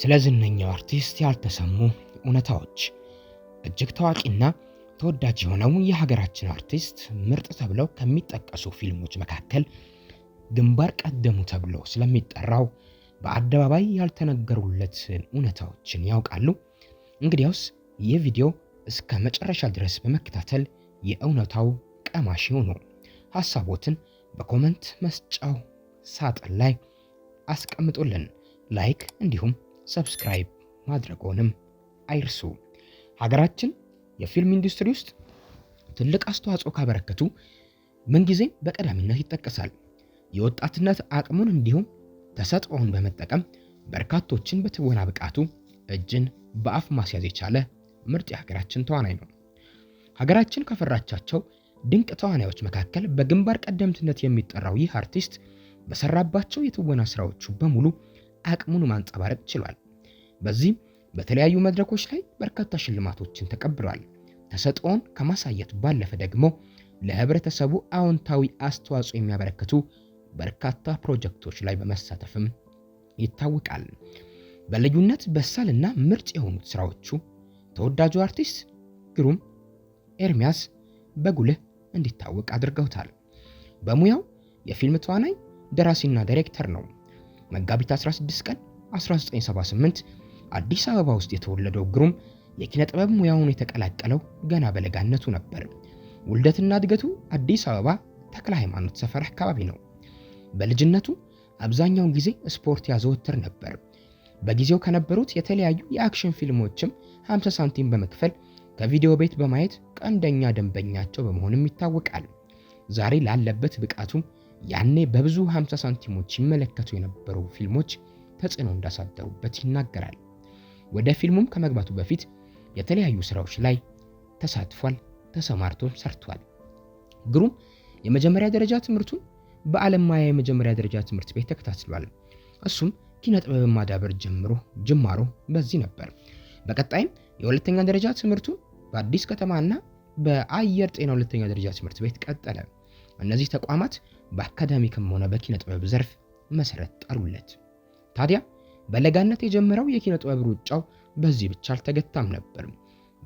ስለ ዝነኛው አርቲስት ያልተሰሙ እውነታዎች። እጅግ ታዋቂና ተወዳጅ የሆነው የሀገራችን አርቲስት ምርጥ ተብለው ከሚጠቀሱ ፊልሞች መካከል ግንባር ቀደሙ ተብሎ ስለሚጠራው በአደባባይ ያልተነገሩለት እውነታዎችን ያውቃሉ? እንግዲያውስ ይህ ቪዲዮ እስከ መጨረሻ ድረስ በመከታተል የእውነታው ቀማሽ ይሁኑ። ሐሳቦትን በኮመንት መስጫው ሳጥን ላይ አስቀምጡልን። ላይክ እንዲሁም ሰብስክራይብ ማድረጎንም አይርሱ። ሀገራችን የፊልም ኢንዱስትሪ ውስጥ ትልቅ አስተዋጽኦ ካበረከቱ ምንጊዜም በቀዳሚነት ይጠቀሳል። የወጣትነት አቅሙን እንዲሁም ተሰጥኦውን በመጠቀም በርካቶችን በትወና ብቃቱ እጅን በአፍ ማስያዝ የቻለ ምርጥ የሀገራችን ተዋናይ ነው። ሀገራችን ካፈራቻቸው ድንቅ ተዋናዮች መካከል በግንባር ቀደምትነት የሚጠራው ይህ አርቲስት በሰራባቸው የትወና ስራዎቹ በሙሉ አቅሙን ማንጸባረቅ ችሏል። በዚህም በተለያዩ መድረኮች ላይ በርካታ ሽልማቶችን ተቀብሏል። ተሰጥኦን ከማሳየት ባለፈ ደግሞ ለህብረተሰቡ አዎንታዊ አስተዋጽኦ የሚያበረክቱ በርካታ ፕሮጀክቶች ላይ በመሳተፍም ይታወቃል። በልዩነት በሳልና ምርጥ የሆኑት ስራዎቹ ተወዳጁ አርቲስት ግሩም ኤርሚያስ በጉልህ እንዲታወቅ አድርገውታል። በሙያው የፊልም ተዋናይ ደራሲና ዳይሬክተር ነው። መጋቢት 16 ቀን 1978 አዲስ አበባ ውስጥ የተወለደው ግሩም የኪነ ጥበብ ሙያውን የተቀላቀለው ገና በለጋነቱ ነበር። ውልደትና እድገቱ አዲስ አበባ ተክለ ሃይማኖት ሰፈር አካባቢ ነው። በልጅነቱ አብዛኛውን ጊዜ ስፖርት ያዘወትር ነበር። በጊዜው ከነበሩት የተለያዩ የአክሽን ፊልሞችም 50 ሳንቲም በመክፈል ከቪዲዮ ቤት በማየት ቀንደኛ ደንበኛቸው በመሆንም ይታወቃል። ዛሬ ላለበት ብቃቱ ያኔ በብዙ 50 ሳንቲሞች ይመለከቱ የነበሩ ፊልሞች ተጽዕኖ እንዳሳደሩበት ይናገራል። ወደ ፊልሙም ከመግባቱ በፊት የተለያዩ ስራዎች ላይ ተሳትፏል፣ ተሰማርቶም ሰርቷል። ግሩም የመጀመሪያ ደረጃ ትምህርቱን በዓለም ማያ የመጀመሪያ ደረጃ ትምህርት ቤት ተከታትሏል። እሱም ኪነ ጥበብን ማዳበር ጀምሮ ጅማሮ በዚህ ነበር። በቀጣይም የሁለተኛ ደረጃ ትምህርቱ በአዲስ ከተማና በአየር ጤና ሁለተኛ ደረጃ ትምህርት ቤት ቀጠለ። እነዚህ ተቋማት በአካዳሚክም ሆነ በኪነ ጥበብ ዘርፍ መሰረት ጣሉለት። ታዲያ በለጋነት የጀመረው የኪነ ጥበብ ሩጫው በዚህ ብቻ አልተገታም ነበር።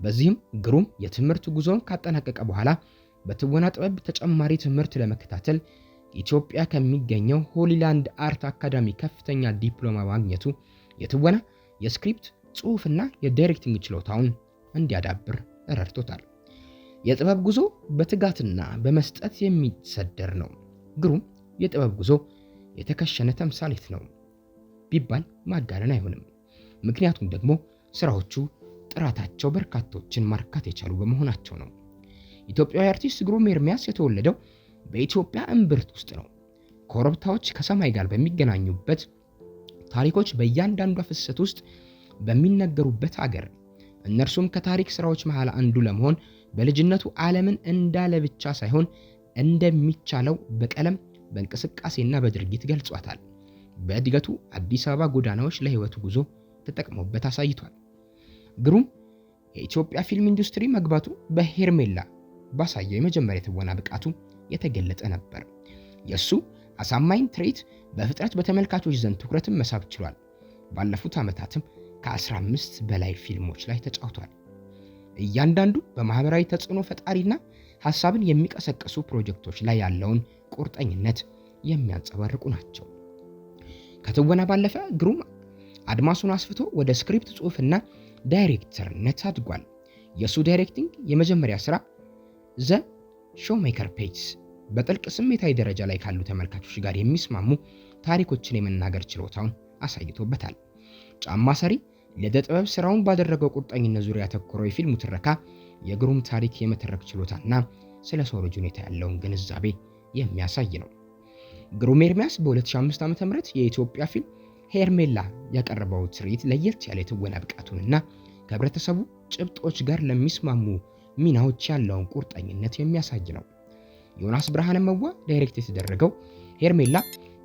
በዚህም ግሩም የትምህርት ጉዞውን ካጠናቀቀ በኋላ በትወና ጥበብ ተጨማሪ ትምህርት ለመከታተል ኢትዮጵያ ከሚገኘው ሆሊላንድ አርት አካዳሚ ከፍተኛ ዲፕሎማ ማግኘቱ የትወና የስክሪፕት ጽሑፍና የዳይሬክቲንግ ችሎታውን እንዲያዳብር ረድቶታል። የጥበብ ጉዞ በትጋትና በመስጠት የሚሰደር ነው። ግሩም የጥበብ ጉዞ የተከሸነ ተምሳሌት ነው። ቢባል ማጋነን አይሆንም። ምክንያቱም ደግሞ ስራዎቹ ጥራታቸው በርካቶችን ማርካት የቻሉ በመሆናቸው ነው። ኢትዮጵያዊ አርቲስት ግሩም ኤርሚያስ የተወለደው በኢትዮጵያ እምብርት ውስጥ ነው። ኮረብታዎች ከሰማይ ጋር በሚገናኙበት፣ ታሪኮች በእያንዳንዷ ፍሰት ውስጥ በሚነገሩበት አገር እነርሱም ከታሪክ ስራዎች መሃል አንዱ ለመሆን በልጅነቱ ዓለምን እንዳለ ብቻ ሳይሆን እንደሚቻለው በቀለም በእንቅስቃሴና በድርጊት ገልጿታል። በእድገቱ አዲስ አበባ ጎዳናዎች ለህይወቱ ጉዞ ተጠቅሞበት አሳይቷል። ግሩም የኢትዮጵያ ፊልም ኢንዱስትሪ መግባቱ በሄርሜላ ባሳየው የመጀመሪያ ትወና ብቃቱ የተገለጠ ነበር። የእሱ አሳማኝ ትርኢት በፍጥነት በተመልካቾች ዘንድ ትኩረትን መሳብ ችሏል። ባለፉት ዓመታትም ከ15 በላይ ፊልሞች ላይ ተጫውቷል። እያንዳንዱ በማህበራዊ ተጽዕኖ ፈጣሪና ሐሳብን የሚቀሰቅሱ ፕሮጀክቶች ላይ ያለውን ቁርጠኝነት የሚያንጸባርቁ ናቸው። ከትወና ባለፈ ግሩም አድማሱን አስፍቶ ወደ ስክሪፕት ጽሑፍና ዳይሬክተርነት አድጓል። የእሱ ዳይሬክቲንግ የመጀመሪያ ስራ ዘ ሾውሜከር ፔጅስ በጥልቅ ስሜታዊ ደረጃ ላይ ካሉ ተመልካቾች ጋር የሚስማሙ ታሪኮችን የመናገር ችሎታውን አሳይቶበታል። ጫማ ሰሪ ለደ ጥበብ ስራውን ባደረገው ቁርጠኝነት ዙሪያ ያተኮረው የፊልሙ ትረካ የግሩም ታሪክ የመተረክ ችሎታና ስለ ሰው ልጅ ሁኔታ ያለውን ግንዛቤ የሚያሳይ ነው። ግሩም ኤርሚያስ በ2005 ዓ ም የኢትዮጵያ ፊልም ሄርሜላ ያቀረበው ትርኢት ለየት ያለ የትወና ብቃቱንና ከህብረተሰቡ ጭብጦች ጋር ለሚስማሙ ሚናዎች ያለውን ቁርጠኝነት የሚያሳይ ነው። ዮናስ ብርሃነ መዋ ዳይሬክት የተደረገው ሄርሜላ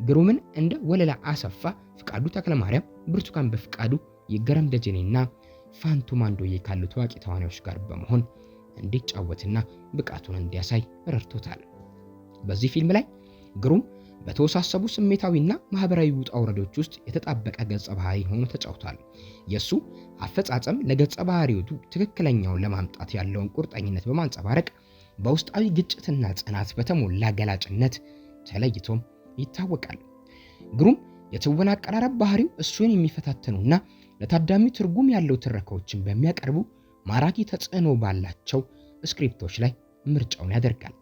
ግሩምን እንደ ወለላ አሰፋ፣ ፍቃዱ ተክለማርያም፣ ብርቱካን በፍቃዱ፣ የገረም ደጀኔና ፋንቱ ማንዶዬ ካሉ ታዋቂ ተዋናዮች ጋር በመሆን እንዲጫወትና ብቃቱን እንዲያሳይ ረድቶታል። በዚህ ፊልም ላይ ግሩም በተወሳሰቡ ስሜታዊና ማህበራዊ ውጣ ውረዶች ውስጥ የተጣበቀ ገጸ ባህሪ ሆኖ ተጫውቷል። የእሱ አፈጻጸም ለገጸ ባህሪዎቱ ትክክለኛውን ለማምጣት ያለውን ቁርጠኝነት በማንጸባረቅ በውስጣዊ ግጭትና ጽናት በተሞላ ገላጭነት ተለይቶም ይታወቃል። ግሩም የትወና አቀራረብ ባህሪው እሱን የሚፈታተኑና ለታዳሚ ትርጉም ያለው ትረካዎችን በሚያቀርቡ ማራኪ ተጽዕኖ ባላቸው ስክሪፕቶች ላይ ምርጫውን ያደርጋል።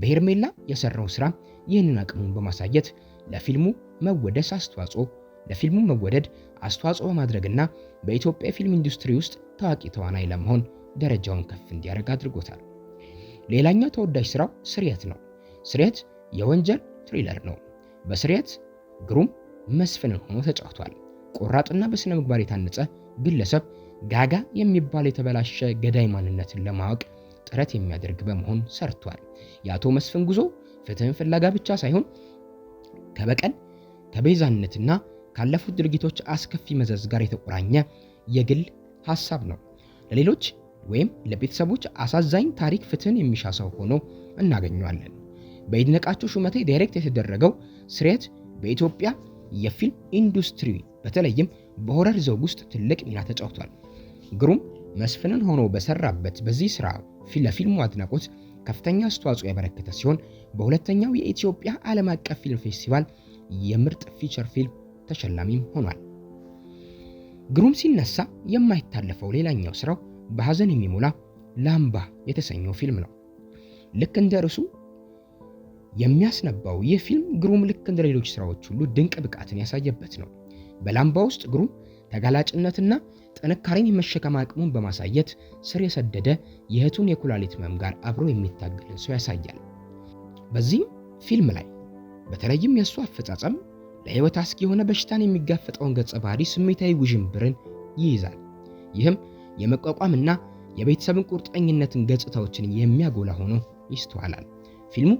በሄርሜላ የሰራው ስራ ይህንን አቅሙን በማሳየት ለፊልሙ መወደስ አስተዋጽኦ ለፊልሙ መወደድ አስተዋጽኦ በማድረግና በኢትዮጵያ ፊልም ኢንዱስትሪ ውስጥ ታዋቂ ተዋናይ ለመሆን ደረጃውን ከፍ እንዲያደርግ አድርጎታል። ሌላኛው ተወዳጅ ስራው ስርየት ነው። ስርየት የወንጀል ትሪለር ነው። በስርየት ግሩም መስፍንን ሆኖ ተጫውቷል። ቆራጥና በስነ ምግባር የታነጸ ግለሰብ ጋጋ የሚባል የተበላሸ ገዳይ ማንነትን ለማወቅ ጥረት የሚያደርግ በመሆን ሰርቷል። የአቶ መስፍን ጉዞ ፍትህን ፍላጋ ብቻ ሳይሆን ከበቀል ከቤዛነትና ካለፉት ድርጊቶች አስከፊ መዘዝ ጋር የተቆራኘ የግል ሀሳብ ነው። ለሌሎች ወይም ለቤተሰቦች አሳዛኝ ታሪክ ፍትህን የሚሻ ሰው ሆኖ እናገኘዋለን። በይድነቃቸው ሹመቴ ዳይሬክት የተደረገው ስሬት በኢትዮጵያ የፊልም ኢንዱስትሪ በተለይም በሆረር ዘውግ ውስጥ ትልቅ ሚና ተጫውቷል። ግሩም መስፍንን ሆኖ በሰራበት በዚህ ስራ ለፊልሙ አድናቆት ከፍተኛ አስተዋጽኦ ያበረከተ ሲሆን በሁለተኛው የኢትዮጵያ ዓለም አቀፍ ፊልም ፌስቲቫል የምርጥ ፊቸር ፊልም ተሸላሚም ሆኗል። ግሩም ሲነሳ የማይታለፈው ሌላኛው ስራው በሐዘን የሚሞላ ላምባ የተሰኘው ፊልም ነው። ልክ እንደ ርዕሱ የሚያስነባው ይህ ፊልም ግሩም ልክ እንደ ሌሎች ስራዎች ሁሉ ድንቅ ብቃትን ያሳየበት ነው። በላምባ ውስጥ ግሩም ተጋላጭነትና ጥንካሬን የመሸከም አቅሙን በማሳየት ስር የሰደደ የእህቱን የኩላሊት ህመም ጋር አብሮ የሚታገልን ሰው ያሳያል። በዚህም ፊልም ላይ በተለይም የእሱ አፈጻጸም ለህይወት አስጊ የሆነ በሽታን የሚጋፈጠውን ገጸ ባህሪ ስሜታዊ ውዥንብርን ይይዛል። ይህም የመቋቋምና የቤተሰብን ቁርጠኝነትን ገጽታዎችን የሚያጎላ ሆኖ ይስተዋላል። ፊልሙ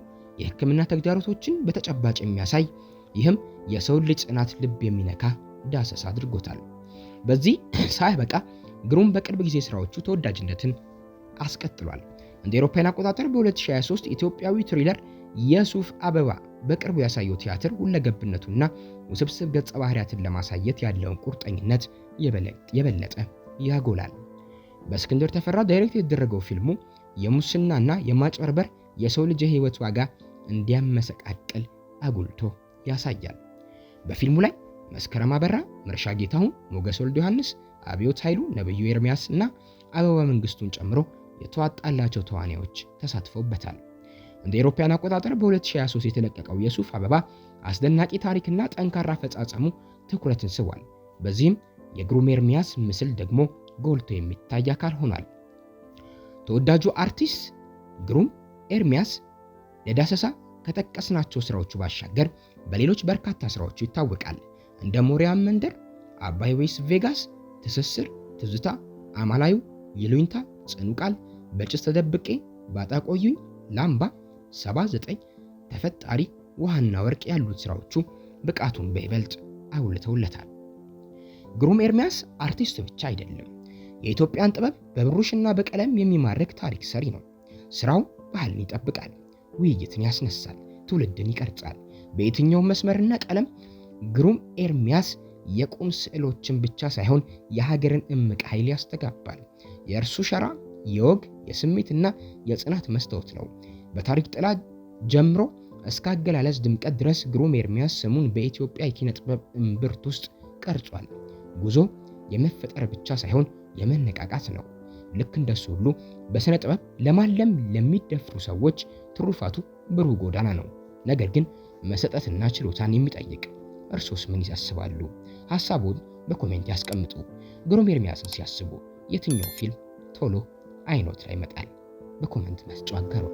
የህክምና ተግዳሮቶችን በተጨባጭ የሚያሳይ ይህም የሰውን ልጅ ጽናት ልብ የሚነካ ዳሰስ አድርጎታል። በዚህ ሳያበቃ ግሩም በቅርብ ጊዜ ስራዎቹ ተወዳጅነትን አስቀጥሏል። እንደ አውሮፓውያን አቆጣጠር በ2023 ኢትዮጵያዊ ትሪለር የሱፍ አበባ በቅርቡ ያሳየው ቲያትር ሁለገብነቱና ውስብስብ ገጸ ባህሪያትን ለማሳየት ያለውን ቁርጠኝነት የበለጠ ያጎላል። በእስክንድር ተፈራ ዳይሬክት የተደረገው ፊልሙ የሙስናና የማጭበርበር የሰው ልጅ የህይወት ዋጋ እንዲያመሰቃቅል አጉልቶ ያሳያል። በፊልሙ ላይ መስከረም አበራ፣ መርሻ ጌታሁን፣ ሞገስ ወልድ ዮሐንስ፣ አብዮት ኃይሉ፣ ነብዩ ኤርሚያስ እና አበባ መንግስቱን ጨምሮ የተዋጣላቸው ተዋናዮች ተሳትፈውበታል። እንደ አውሮፓውያን አቆጣጠር በ2023 የተለቀቀው የሱፍ አበባ አስደናቂ ታሪክና ጠንካራ አፈጻጸሙ ትኩረትን ስቧል። በዚህም የግሩም ኤርሚያስ ምስል ደግሞ ጎልቶ የሚታይ አካል ሆኗል። ተወዳጁ አርቲስት ግሩም ኤርሚያስ ለዳሰሳ ከጠቀስናቸው ስራዎቹ ባሻገር በሌሎች በርካታ ስራዎቹ ይታወቃል። እንደ ሞሪያም መንደር፣ አባይ ወይስ ቬጋስ፣ ትስስር፣ ትዝታ፣ አማላዩ፣ ይሉኝታ፣ ጽኑ ቃል፣ በጭስ ተደብቄ፣ ባጣ ቆዩኝ፣ ላምባ፣ 79፣ ተፈጣሪ፣ ውሃና ወርቅ ያሉት ሥራዎቹ ብቃቱን በይበልጥ አውልተውለታል። ግሩም ኤርሚያስ አርቲስት ብቻ አይደለም፣ የኢትዮጵያን ጥበብ በብሩሽና በቀለም የሚማርክ ታሪክ ሰሪ ነው። ስራው ባህልን ይጠብቃል፣ ውይይትን ያስነሳል፣ ትውልድን ይቀርጻል። በየትኛውም መስመርና ቀለም ግሩም ኤርሚያስ የቁም ስዕሎችን ብቻ ሳይሆን የሀገርን እምቅ ኃይል ያስተጋባል። የእርሱ ሸራ የወግ የስሜትና የጽናት መስታወት ነው። በታሪክ ጥላ ጀምሮ እስከ አገላለጽ ድምቀት ድረስ ግሩም ኤርሚያስ ስሙን በኢትዮጵያ የኪነ ጥበብ እምብርት ውስጥ ቀርጿል። ጉዞ የመፈጠር ብቻ ሳይሆን የመነቃቃት ነው። ልክ እንደሱ ሁሉ በሥነ ጥበብ ለማለም ለሚደፍሩ ሰዎች ትሩፋቱ ብሩህ ጎዳና ነው፣ ነገር ግን መሰጠትና ችሎታን የሚጠይቅ እርሶስ ምን ያስባሉ? ሀሳቡን በኮሜንት ያስቀምጡ። ግሩም ኤርሚያስን ሲያስቡ የትኛው ፊልም ቶሎ አይኖት ላይ ይመጣል? በኮሜንት መስጫ አጋሩ።